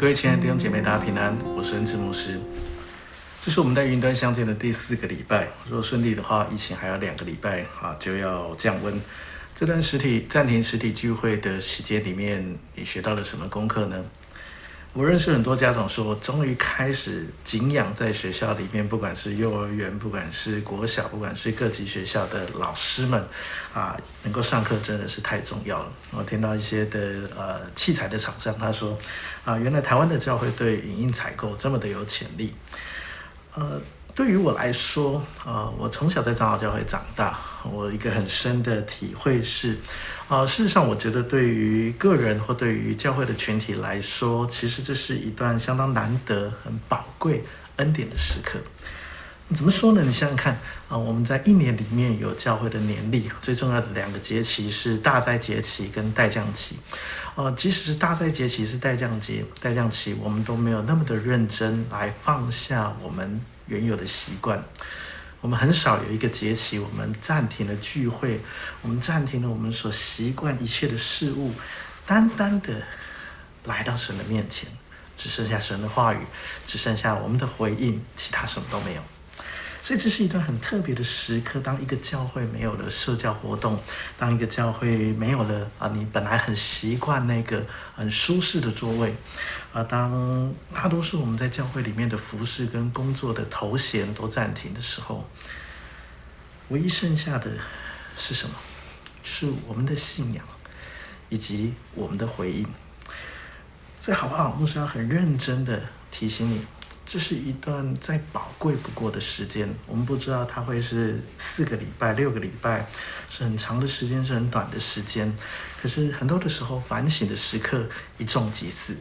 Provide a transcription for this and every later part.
各位親愛的弟兄姐妹，大家平安，我是恩賜牧師。這是我們在雲端相見的第四個禮拜，如果順利的話，疫情還要兩個禮拜啊，就要降溫。這段實體暫停實體聚會的時間裡面，你學到了什麼功課呢？我認識很多家長說，我終於開始敬仰在學校裡面，不管是幼兒園，不管是國小，不管是各級學校的老師們，啊，能夠上課真的是太重要了。我聽到一些的呃器材的廠商他說，啊，原來台灣的教會對影音採購這麼的有潛力，呃。對於我來說，啊、呃，我從小在長老教會長大，我一個很深的體會是，啊、呃，事實上，我覺得對於個人或對於教會的群體來說，其實這是一段相當難得、很寶貴恩典的時刻。怎麼說呢？你想想看，啊、呃，我們在一年裡面有教會的年曆，最重要的兩個節期是大齋節期跟待降期。啊、呃，即使是大齋節期是待降節待降期，我們都沒有那麼的認真來放下我們。原有的習慣，我們很少有一個節期，我們暫停了聚會，我們暫停了我們所習慣一切的事物，單單的來到神的面前，只剩下神的話語，只剩下我們的回應，其他什麼都沒有。所以這是一段很特別的時刻。當一個教會沒有了社交活動，當一個教會沒有了啊，你本來很習慣那個很舒適的座位，啊，當大多數我們在教會裡面的服事跟工作的頭銜都暫停的時候，唯一剩下的是什麼？就是我們的信仰，以及我們的回應。這好不好？牧師要很認真的提醒你。這是一段再寶貴不過的時間。我們不知道它會是四個禮拜、六個禮拜，是很長的時間，是很短的時間。可是很多的時候，反省的時刻一縱即逝，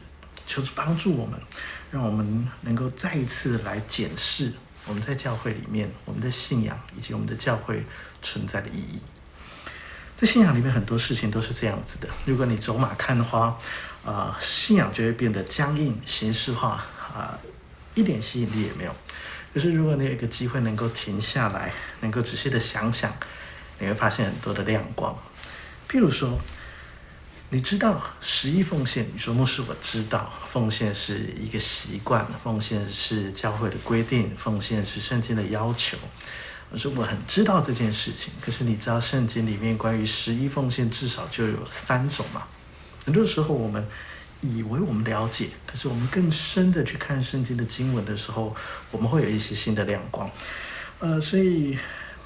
求主幫助我們，讓我們能夠再一次來檢視我們在教會裡面、我們的信仰以及我們的教會存在的意義。在信仰裡面，很多事情都是這樣子的。如果你走馬看花，啊、呃，信仰就會變得僵硬、形式化，啊、呃。一點吸引力也沒有。可是，如果你有一個機會能夠停下來，能夠仔細的想想，你會發現很多的亮光。譬如說，你知道十一奉獻，你說牧師，我知道奉獻是一個習慣，奉獻是教會的規定，奉獻是聖經的要求。我說我很知道這件事情。可是你知道聖經裡面關於十一奉獻至少就有三種嘛？很多時候我們，以為我們了解，可是我們更深的去看聖經的經文的時候，我們會有一些新的亮光。呃，所以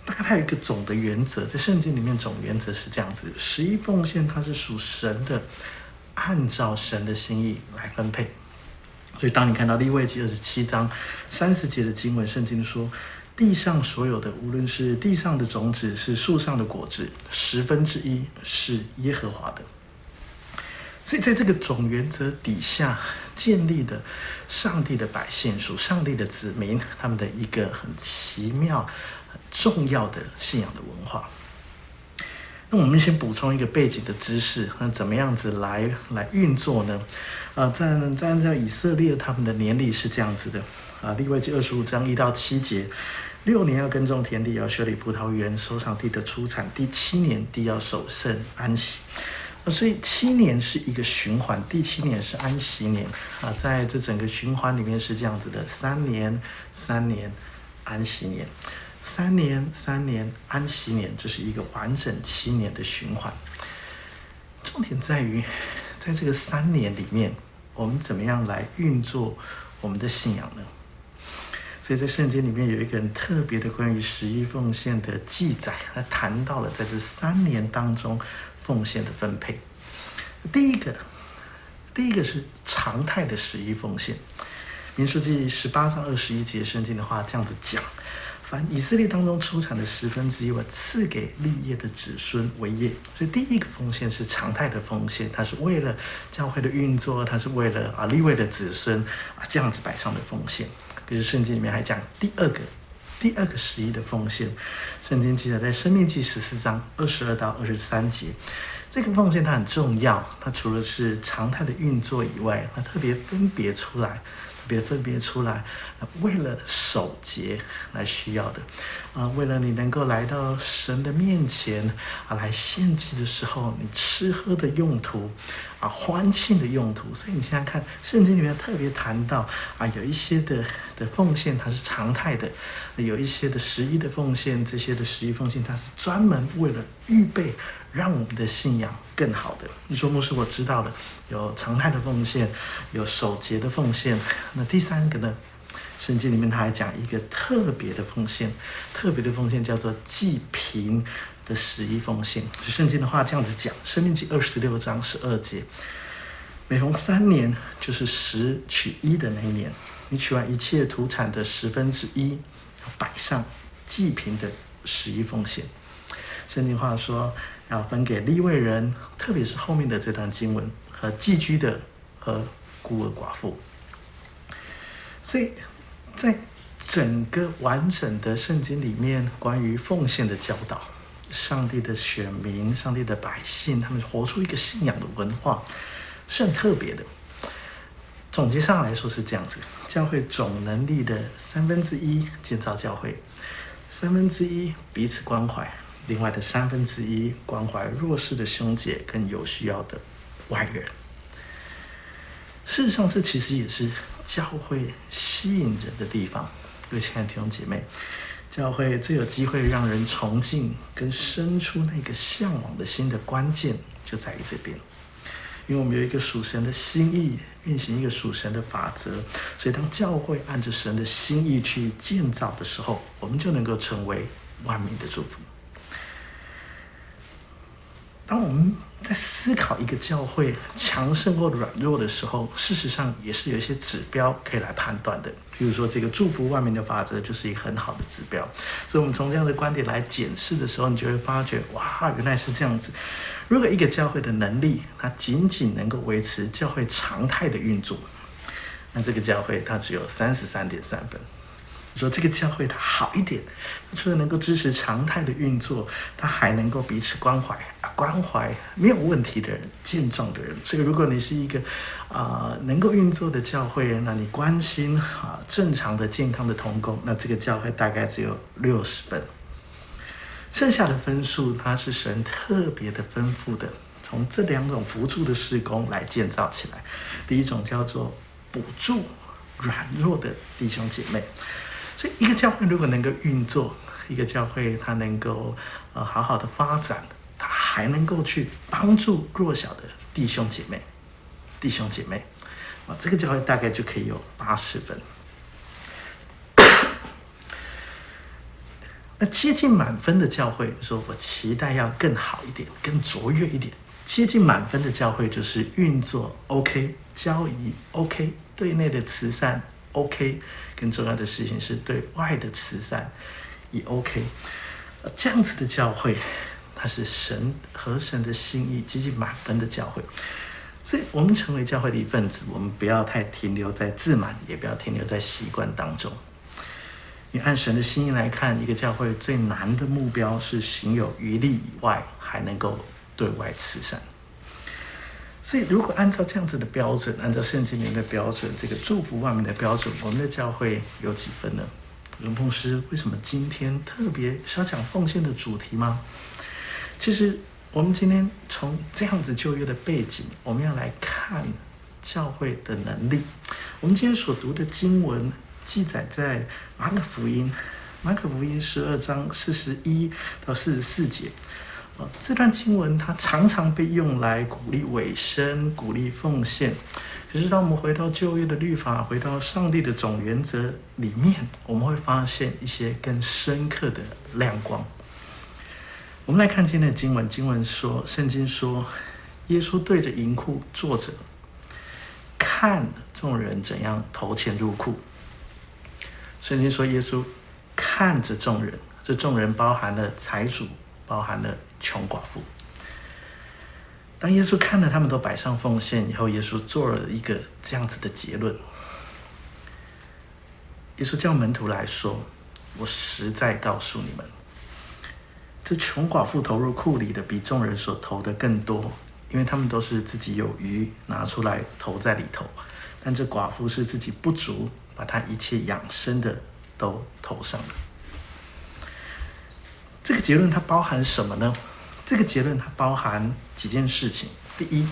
大概它有一個總的原則，在聖經裡面總原則是這樣子：十一奉獻它是屬神的，按照神的心意來分配。所以當你看到利未記二十七章三十節的經文，聖經說，地上所有的，無論是地上的種子，是樹上的果子，十分之一是耶和華的。所以，在這個總原則底下建立的，上帝的百姓屬上帝的子民，他們的一個很奇妙、很重要的信仰的文化。那我們先補充一個背景的知識，那怎麼樣子來來運作呢？啊，在在按照以色列他們的年曆是這樣子的，啊，利未記二十五章一到七節，六年要耕種田地，要修理葡萄園，收藏地的出產；第七年地要守聖安息。所以七年是一個循環，第七年是安息年啊，在這整個循環裡面是這樣子的：三年、三年、安息年；三年、三年、安息年。這是一個完整七年的循環。重點在於，在這個三年裡面，我們怎麼樣來運作我們的信仰呢？所以在聖經裡面有一個很特別的關於十一奉獻的記載，他談到了在這三年當中。奉獻的分配，第一個，第一個是常態的十一奉獻，民數記十八章二十一節聖經的話這樣子講，凡以色列當中出產的十分之一，我賜給利未的子孫為業。所以第一個奉獻是常態的奉獻，它是為了教會的運作，它是為了啊利未的子孫啊這樣子擺上的奉獻。可是聖經裡面還講第二個。第二個十一的奉獻，聖經記載在申命記十四章二十二到二十三節。這個奉獻它很重要，它除了是常態的運作以外，它特別分別出來。別分別出來，為了守節來需要的，啊，為了你能夠來到神的面前啊，來獻祭的時候，你吃喝的用途，啊，歡慶的用途。所以你現在看，聖經裡面特別談到啊，有一些的的奉獻它是常態的，有一些的十一的奉獻，這些的十一奉獻它是專門為了預備。讓我們的信仰更好的。你說牧師，我知道了，有常態的奉獻，有守節的奉獻。那第三個呢？聖經裡面他還講一個特別的奉獻，特別的奉獻叫做濟貧的十一奉獻。聖經的話這樣子講，申命記二十六章十二節，每逢三年就是十取一的那一年，你取完一切土產的十分之一，擺上濟貧的十一奉獻。聖經話說。要分給利未人，特別是後面的這段經文和寄居的和孤兒寡婦。所以，在整個完整的聖經裡面，關於奉獻的教導，上帝的選民、上帝的百姓，他們活出一個信仰的文化，是很特別的。總結上來說是這樣子：教會總能力的三分之一建造教會，三分之一彼此關懷。另外的三分之一關懷弱勢的兄姐跟有需要的外人。事實上，這其實也是教會吸引人的地方。各位親愛的弟兄姐妹，教會最有機會讓人崇敬跟生出那個嚮往的心的關鍵，就在於這邊。因為我們有一個屬神的心意，運行一個屬神的法則，所以當教會按着神的心意去建造的時候，我們就能夠成為萬民的祝福。當我們在思考一個教會強盛或軟弱的時候，事實上也是有一些指標可以來判斷的。比如說，這個祝福萬民的法則就是一個很好的指標。所以，我們從這樣的觀點來檢視的時候，你就會發覺，哇，原來是這樣子。如果一個教會的能力，它僅僅能夠維持教會常態的運作，那這個教會它只有三十三點三分。說這個教會它好一點，除了能夠支持常態的運作，它還能夠彼此關懷啊，關懷沒有問題的人、健壯的人。這個如果你是一個啊、呃、能夠運作的教會人，那你關心哈、呃、正常的、健康的同工，那這個教會大概只有六十分，剩下的分數它是神特別的豐富的，從這兩種輔助的事工來建造起來。第一種叫做補助軟弱的弟兄姐妹。所以，一個教會如果能夠運作，一個教會它能夠呃好好的發展，它還能夠去幫助弱小的弟兄姐妹、弟兄姐妹，啊，這個教會大概就可以有八十分。 那接近滿分的教會，說我期待要更好一點、更卓越一點。接近滿分的教會就是運作 OK、交誼 OK、對內的慈善。OK，更重要的事情是對外的慈善，也 OK。這樣子的教會，它是神和神的心意，接近滿分的教會。所以，我們成為教會的一份子，我們不要太停留在自滿，也不要停留在習慣當中。你按神的心意來看，一個教會最難的目標是行有餘力以外，還能夠對外慈善。所以，如果按照這樣子的標準，按照聖經裡面的標準，這個祝福萬民的標準，我們的教會有幾分呢？榮奉師，為什麼今天特別是要講奉獻的主題嗎？其實，我們今天從這樣子舊約的背景，我們要來看教會的能力。我們今天所讀的經文，記載在馬可福音，馬可福音十二章四十一到四十四節。這段經文它常常被用來鼓勵委身、鼓勵奉獻。可是，當我們回到舊約的律法，回到上帝的總原則裡面，我們會發現一些更深刻的亮光。我們來看今天的經文，經文說，聖經說，耶穌對着銀庫坐着，看眾人怎樣投錢入庫。聖經說，耶穌看着眾人，這眾人包含了財主，包含了。窮寡婦，當耶穌看了他們都擺上奉獻以後，耶穌做了一個這樣子的結論。耶穌叫門徒來說：“我實在告訴你們，這窮寡婦投入庫裡的比眾人所投的更多，因為他們都是自己有餘拿出來投在裡頭，但這寡婦是自己不足，把她一切養生的都投上了。”這個結論它包含什麼呢？這個結論它包含幾件事情。第一，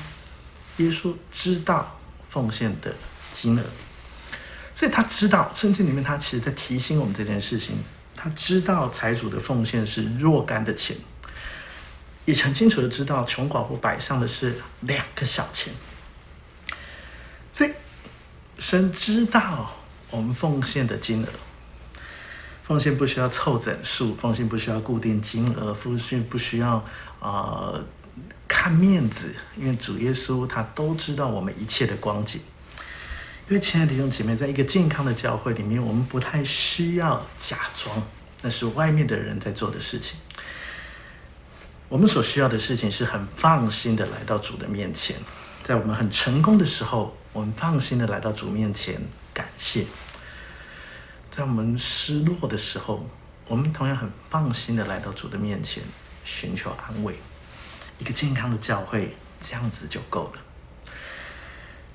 耶穌知道奉獻的金額，所以他知道聖經裡面，他其實在提醒我們這件事情。他知道財主的奉獻是若干的錢，也很清楚的知道窮寡婦擺上的是兩個小錢，所以神知道我們奉獻的金額。奉獻不需要湊整數，奉獻不需要固定金額，奉獻不需要啊、呃、看面子，因為主耶穌他都知道我們一切的光景。因為親愛的弟兄姐妹，在一個健康的教會裡面，我們不太需要假裝，那是外面的人在做的事情。我們所需要的事情是很放心的來到主的面前，在我們很成功的時候，我們放心的來到主面前感謝。在我們失落的時候，我們同樣很放心的來到主的面前，尋求安慰。一個健康的教會，這樣子就夠了。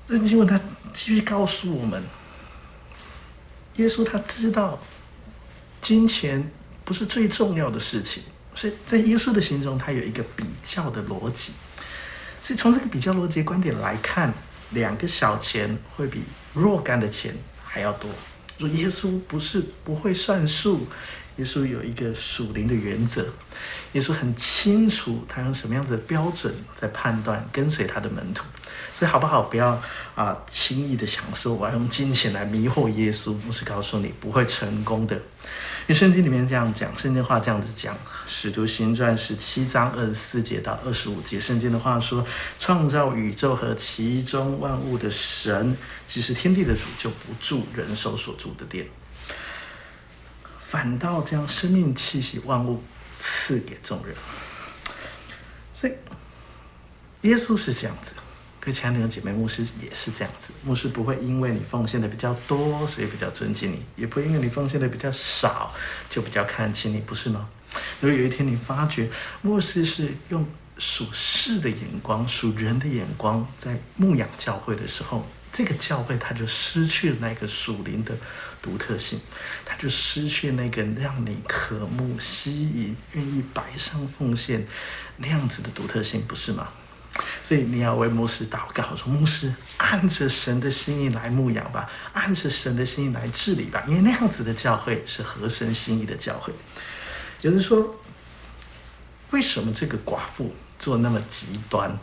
那經文他繼續告訴我們，耶穌他知道，金錢不是最重要的事情，所以在耶穌的心中，他有一個比較的邏輯。所以從這個比較邏輯的觀點來看，兩個小錢會比若干的錢還要多。說耶穌不是不會算數，耶穌有一個屬靈的原則，耶穌很清楚他用什麼樣子的標準在判斷跟隨他的門徒，所以好不好不要啊輕易的想說，我要用金錢來迷惑耶穌，牧師告訴你不會成功的。你聖經裡面這樣講，聖經話這樣子講，《使徒行傳》十七章二十四節到二十五節，聖經的話說，創造宇宙和其中萬物的神，既是天地的主，就不住人手所住的殿，反倒將生命氣息萬物賜給眾人。所以，耶穌是這樣子。因為其他姐妹牧師也是這樣子，牧師不會因為你奉獻的比較多，所以比較尊敬你；也不會因為你奉獻的比較少，就比較看輕你，不是嗎？如果有一天你發覺，牧師是用屬世的眼光、屬人的眼光在牧養教會的時候，這個教會他就失去了那個屬靈的獨特性，他就失去了那個讓你渴慕、吸引、願意擺上奉獻那樣子的獨特性，不是嗎？所以你要為牧師禱告，說牧師按着神的心意來牧養吧，按着神的心意來治理吧，因為那樣子的教會是合神心意的教會。有人說，為什麼這個寡婦做那麼極端？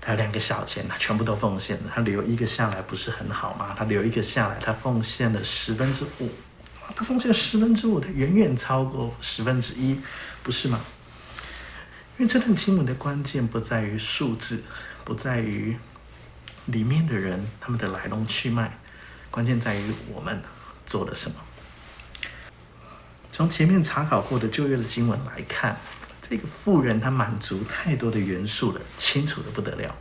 她有兩個小錢，她全部都奉獻了，她留一個下來不是很好嗎？她留一個下來，她奉獻了十分之五，她奉獻十分之五的，她遠遠超過十分之一，不是嗎？因為這段經文的關鍵不在於數字，不在於裡面的人他們的來龍去脈，關鍵在於我們做了什麼。從前面查考過的舊約的經文來看，這個婦人她滿足太多的元素了，清楚的不得了。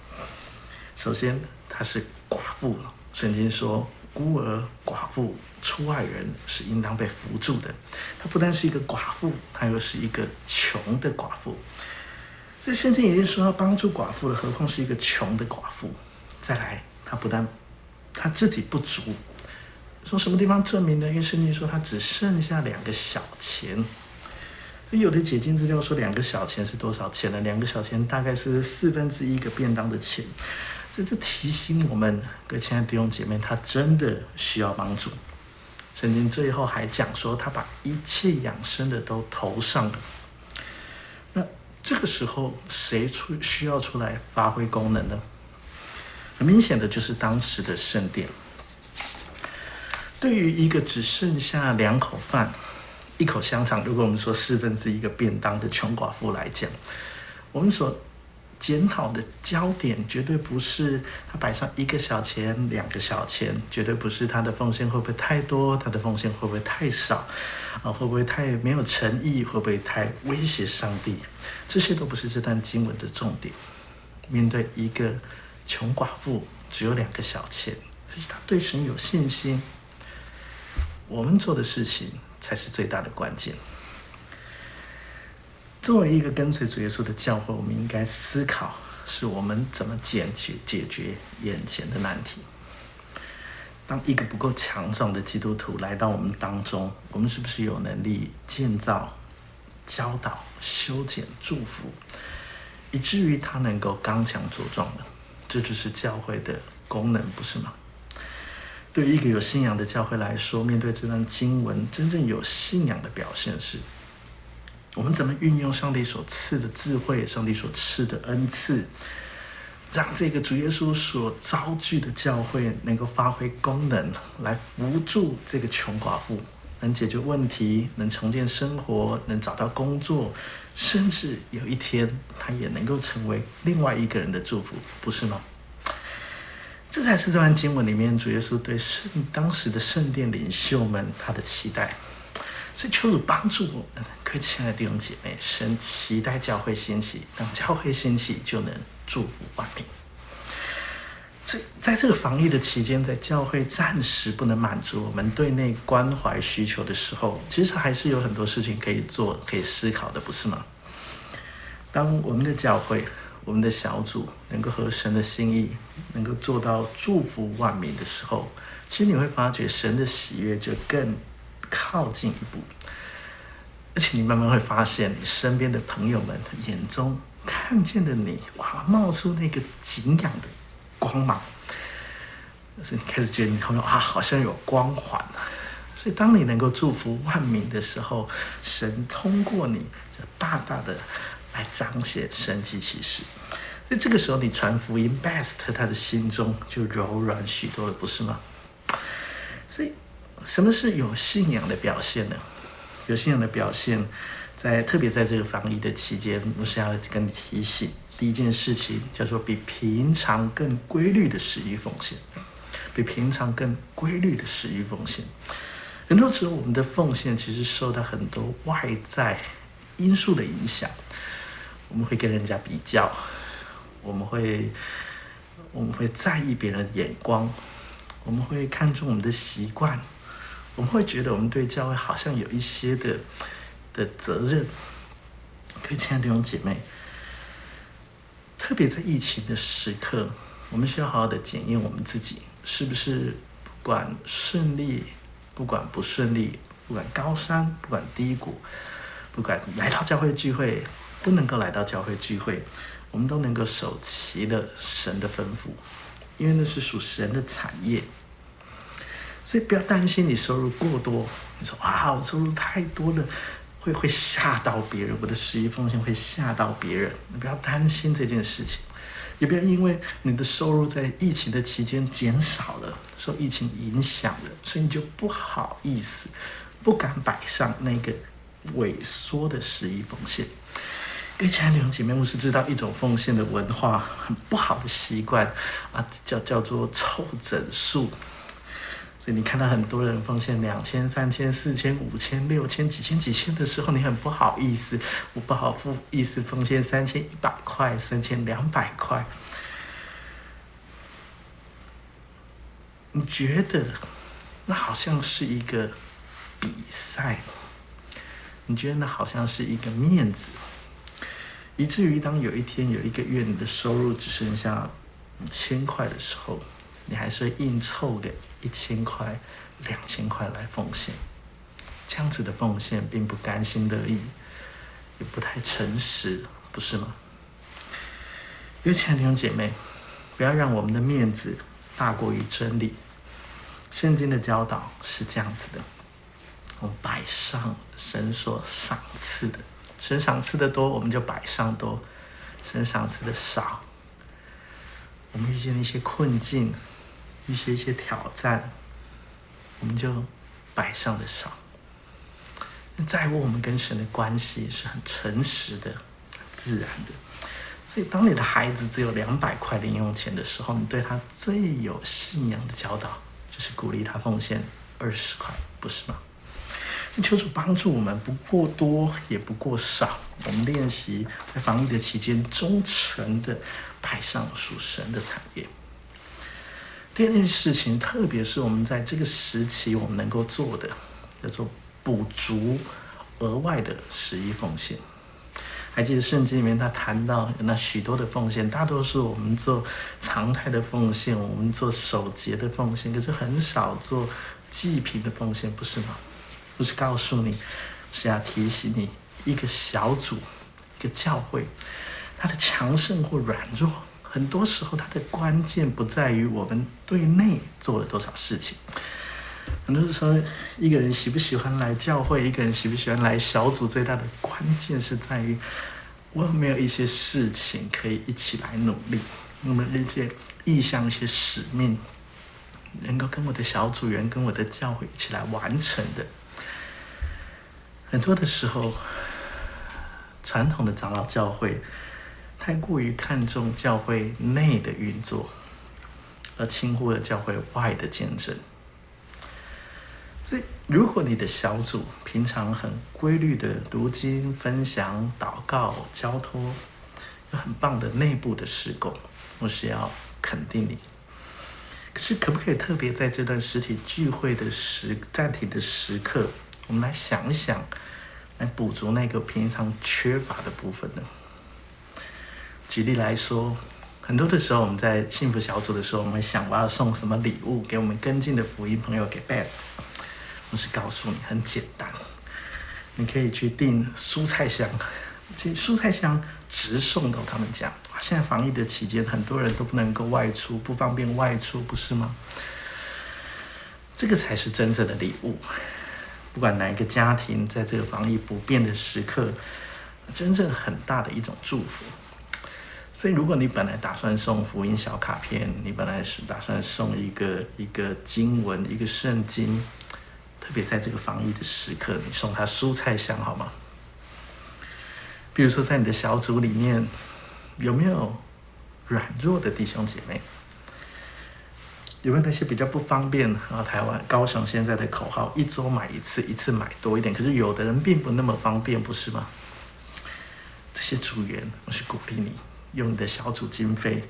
首先，她是寡婦，聖經說孤兒寡婦出外人是應當被扶助的。她不單是一個寡婦，她又是一個窮的寡婦。這聖經已經說要幫助寡婦了，何況是一個窮的寡婦。再來，他不但他自己不足，從什麼地方證明呢？因為聖經說他只剩下兩個小錢。所以有的解經資料說兩個小錢是多少錢呢？兩個小錢大概是四分之一個便當的錢。這就提醒我們，各位親愛的弟兄姐妹，他真的需要幫助。聖經最後還講說，他把一切養生的都投上了。這個時候，誰出需要出來發揮功能呢？很明顯的就是當時的聖殿。對於一個只剩下兩口飯、一口香腸，如果我們說四分之一個便當的窮寡婦來講，我們說。檢討的焦點絕對不是他擺上一個小錢、兩個小錢，絕對不是他的奉獻會不會太多，他的奉獻會不會太少，啊，會不會太沒有誠意，會不會太威脅上帝？這些都不是這段經文的重點。面對一個窮寡婦，只有兩個小錢，所以他對神有信心，我們做的事情才是最大的關鍵。作為一個跟隨主耶穌的教會，我們應該思考：是我們怎麼解決解決眼前的難題？當一個不夠強壯的基督徒來到我們當中，我們是不是有能力建造、教導、修剪、祝福，以至於他能夠剛強茁壯呢？這就是教會的功能，不是嗎？對於一個有信仰的教會來說，面對這段經文，真正有信仰的表現是。我們怎麼運用上帝所賜的智慧、上帝所賜的恩賜，讓這個主耶穌所召聚的教會能夠發揮功能，來扶助這個窮寡婦，能解決問題，能重建生活，能找到工作，甚至有一天，他也能夠成為另外一個人的祝福，不是嗎？這才是這段經文裡面主耶穌對聖當時的聖殿領袖們他的期待。所以，求主幫助我們各位親愛的弟兄姐妹，神期待教會興起，當教會興起，就能祝福萬民。所以，在這個防疫的期間，在教會暫時不能滿足我們對內關懷需求的時候，其實還是有很多事情可以做、可以思考的，不是嗎？當我們的教會、我們的小組能夠合神的心意，能夠做到祝福萬民的時候，其實你會發覺神的喜悅就更靠近一步，而且你慢慢會發現，你身邊的朋友們眼中看見的你，哇，冒出那個景仰的光芒。所以你開始覺得你朋友啊，好像有光環。所以當你能夠祝福萬民的時候，神通過你就大大的來彰顯神蹟奇事。所以這個時候你傳福音，best 他的心中就柔軟許多了，不是嗎？所以。什麼是有信仰的表現呢？有信仰的表現，在特別在這個防疫的期間，我是要跟你提醒第一件事情，叫做比平常更規律的十一奉獻，比平常更規律的十一奉獻。很多時候，我們的奉獻其實受到很多外在因素的影響，我們會跟人家比較，我們會，我們會在意別人的眼光，我們會看重我們的習慣。我們會覺得我們對教會好像有一些的的責任，對，親愛的弟兄姐妹，特別在疫情的時刻，我們需要好好的檢驗我們自己，是不是不管順利，不管不順利，不管高山，不管低谷，不管來到教會聚會，不能夠來到教會聚會，我們都能夠守齊了神的吩咐，因為那是屬神的產業。所以不要擔心你收入過多，你說哇，我收入太多了，會會嚇到別人，我的十一奉獻會嚇到別人。你不要擔心這件事情，也不要因為你的收入在疫情的期間減少了，受疫情影響了，所以你就不好意思，不敢擺上那個萎縮的十一奉獻。各位親愛的姐妹們是知道一種奉獻的文化很不好的習慣啊，叫叫做湊整數，所以你看到很多人奉獻兩千、三千、四千、五千、六千、幾千幾千的時候，你很不好意思，我不好意思奉獻三千一百塊、三千兩百塊。你覺得，那好像是一個比賽，你覺得那好像是一個面子，以至於當有一天有一個月你的收入只剩下五千塊的時候，你還是要硬湊的。一千塊、兩千塊來奉獻，這樣子的奉獻並不甘心樂意，也不太誠實，不是嗎？因為，親愛的弟兄姐妹，不要讓我們的面子大過於真理。聖經的教導是這樣子的：我們擺上神所賞賜的，神賞賜的多，我們就擺上多；神賞賜的少，我們遇見了一些困境，一些一些挑戰，我們就擺上的少。那在乎我們跟神的關係是很誠實的、自然的。所以，當你的孩子只有兩百塊零用錢的時候，你對他最有信仰的教導就是鼓勵他奉獻二十塊，不是嗎？那求主幫助我們，不過多也不過少。我們練習在防疫的期間忠誠的擺上屬神的產業。第二件事情，特別是我們在這個時期，我們能夠做的，叫做補足額外的十一奉獻。還記得聖經裡面他談到有那許多的奉獻，大多數我們做常態的奉獻，我們做守節的奉獻，可是很少做祭品的奉獻，不是嗎？不是告訴你，是要提醒你，一個小組，一個教會，它的強盛或軟弱。很多時候，它的關鍵不在於我們對內做了多少事情。很多時候，一個人喜不喜歡來教會，一個人喜不喜歡來小組，最大的關鍵是在於我有沒有一些事情可以一起來努力，我們一些意向、一些使命，能夠跟我的小組員、跟我的教會一起來完成的。很多的時候，傳統的長老教會。太過於看重教會內的運作，而輕忽了教會外的見證。所以，如果你的小組平常很規律的讀經、如今分享、禱告、交托，有很棒的內部的施工，我是要肯定你。可是，可不可以特別在這段實體聚會的時暫停的時刻，我們來想一想，來補足那個平常缺乏的部分呢？舉例來說，很多的時候我們在幸福小組的時候，我們想我要送什麼禮物給我們跟進的福音朋友給 Best，我是告訴你很簡單，你可以去訂蔬菜箱，這蔬菜箱直送到他們家。哇，現在防疫的期間，很多人都不能夠外出，不方便外出，不是嗎？這個才是真正的禮物，不管哪一個家庭在這個防疫不便的時刻，真正很大的一種祝福。所以，如果你本來打算送福音小卡片，你本來是打算送一個一個經文、一個聖經，特別在這個防疫的時刻，你送他蔬菜箱好嗎？比如說，在你的小組裡面，有沒有軟弱的弟兄姐妹？有沒有那些比較不方便啊？台灣高雄現在的口號：一周買一次，一次買多一點。可是有的人並不那麼方便，不是嗎？這些組員，我是鼓勵你。用你的小組經費，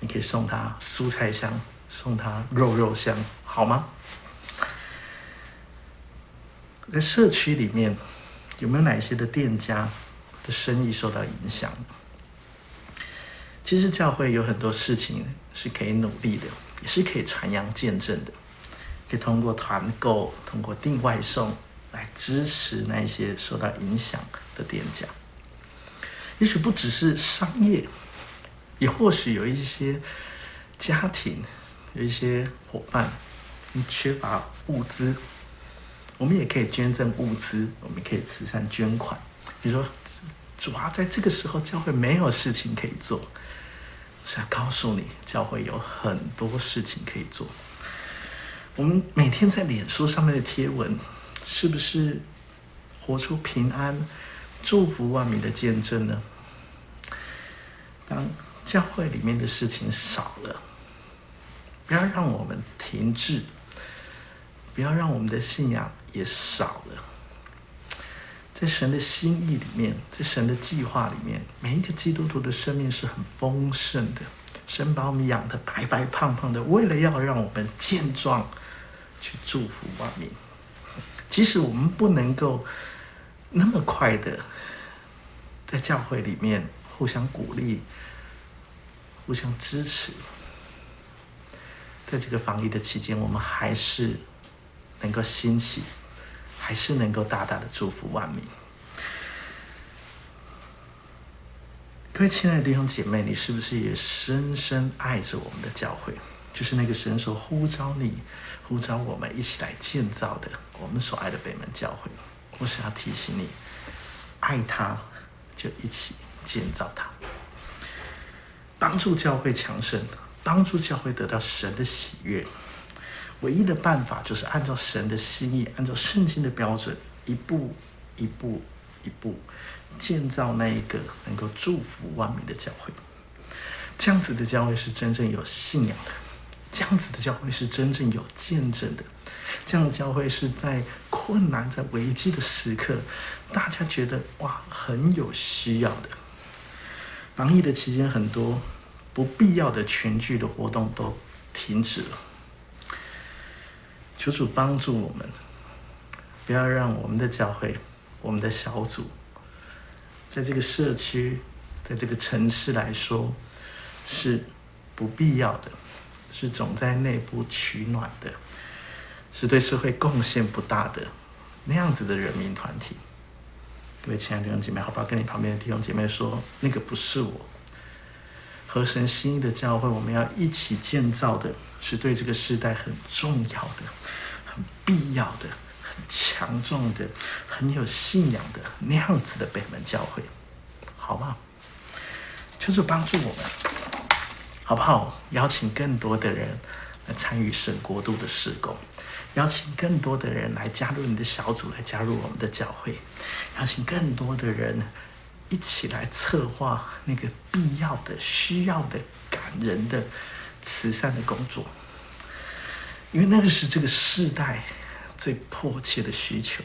你可以送他蔬菜箱，送他肉肉箱，好嗎？在社區裡面，有沒有哪一些的店家的生意受到影響？其實教會有很多事情是可以努力的，也是可以傳揚見證的。可以通過團購，通過訂外送來支持那些受到影響的店家。也許不只是商業。也或許有一些家庭，有一些夥伴，你缺乏物資，我們也可以捐贈物資，我們也可以慈善捐款。比如說，主要啊，在這個時候，教會沒有事情可以做，是要告訴你，教會有很多事情可以做。我們每天在臉書上面的貼文，是不是活出平安、祝福萬民的見證呢？當。教會裡面的事情少了，不要讓我們停滯，不要讓我們的信仰也少了。在神的心意裡面，在神的計劃裡面，每一個基督徒的生命是很豐盛的。神把我們養得白白胖胖的，為了要讓我們健壯，去祝福萬民。即使我們不能夠那麼快的在教會裡面互相鼓勵。互相支持，在這個防疫的期間，我們還是能夠興起，還是能夠大大的祝福萬民。各位親愛的弟兄姐妹，你是不是也深深愛着我們的教會？就是那個神所呼召你、呼召我們一起來建造的，我們所愛的北門教會。我想要提醒你，愛他，就一起建造他。幫助教會強盛，幫助教會得到神的喜悅，唯一的辦法就是按照神的心意，按照聖經的標準，一步一步一步，一步建造那一個能夠祝福萬民的教會。這樣子的教會是真正有信仰的，這樣子的教會是真正有見證的，這樣的教會是在困難、在危機的時刻，大家覺得哇，很有需要的。防疫的期間，很多不必要的群聚的活動都停止了。求主幫助我們，不要讓我們的教會、我們的小組，在這個社區、在這個城市來說，是不必要的，是總在內部取暖的，是對社會貢獻不大的那樣子的人民團體。各位親愛的弟兄姐妹，好不好？跟你旁邊的弟兄姐妹說，那個不是我。合神心意的教會，我們要一起建造的，是對這個時代很重要的、很必要的、很強壯的、很有信仰的那樣子的北門教會，好不好？就是幫助我們，好不好？邀請更多的人來參與神國度的事工。邀請更多的人來加入你的小組，來加入我們的教會，邀請更多的人一起來策劃那個必要的、需要的、感人的、慈善的工作，因為那個是這個世代最迫切的需求，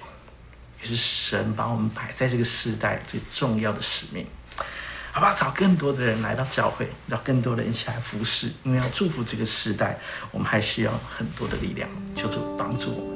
也是神把我們擺在這個世代最重要的使命。好不好？找更多的人來到教會，找更多的人一起來服侍。因為要祝福這個時代，我們還需要很多的力量，求主幫助我們。